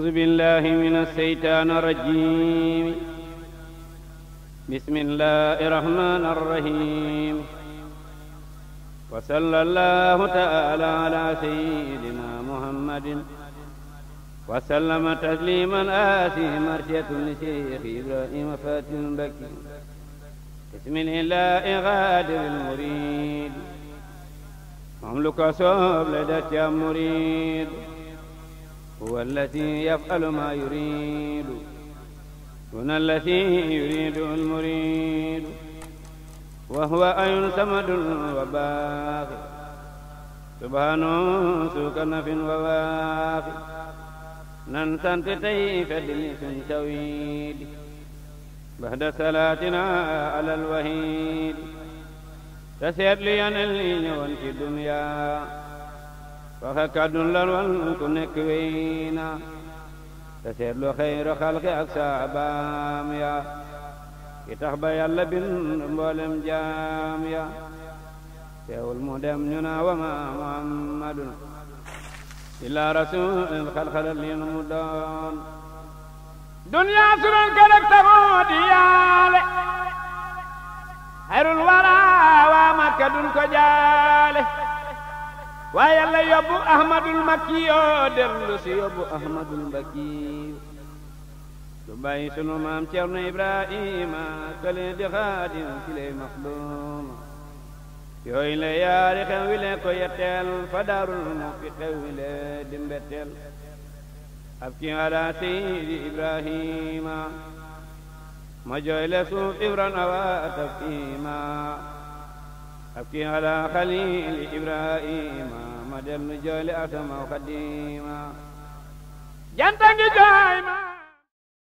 أعوذ بالله من الشيطان الرجيم بسم الله الرحمن الرحيم وصلى الله تعالى على سيدنا محمد وسلم تسليما آتي مرجة لشيخ إبراهيم فاتح بكي بسم الله غادر المريد مملك صوب لدى مريد هو الذي يفعل ما يريد هنا الذي يريد المريد وهو أي ثمد وباقي سبحانه سكن في وواقي ننسان تتي فدل سنتويد بعد صلاتنا على الوحيد تسير لي أن الدنيا waxe kàddun lalwal ku nekk wéy na te seetlu xayru ak saabaam ya ki tax ba yàlla bind mboolem jaam ya teewul mu dem ñu na wa ma muhammadun illa rasul xalxalal lin mu doon dunya suran kalak taxoo di yaale xayrul wara waa makka dun ko jaale waaye yàlla yóbbu ahmadul makki yoo dellu si yóbbu ahmadul mbakki du bàyyi sunu maam ceerno ibrahima kële xaadim ci lay maxduma yooyu yaari xew wi ko yetteel fa daarul mu fi xew wi le di ki ala seydi ibrahima ma jooy le suuf ibran awa tafima أبكي على خليل إبراهيم ما دل جولي أسمى قديما جنتك جايما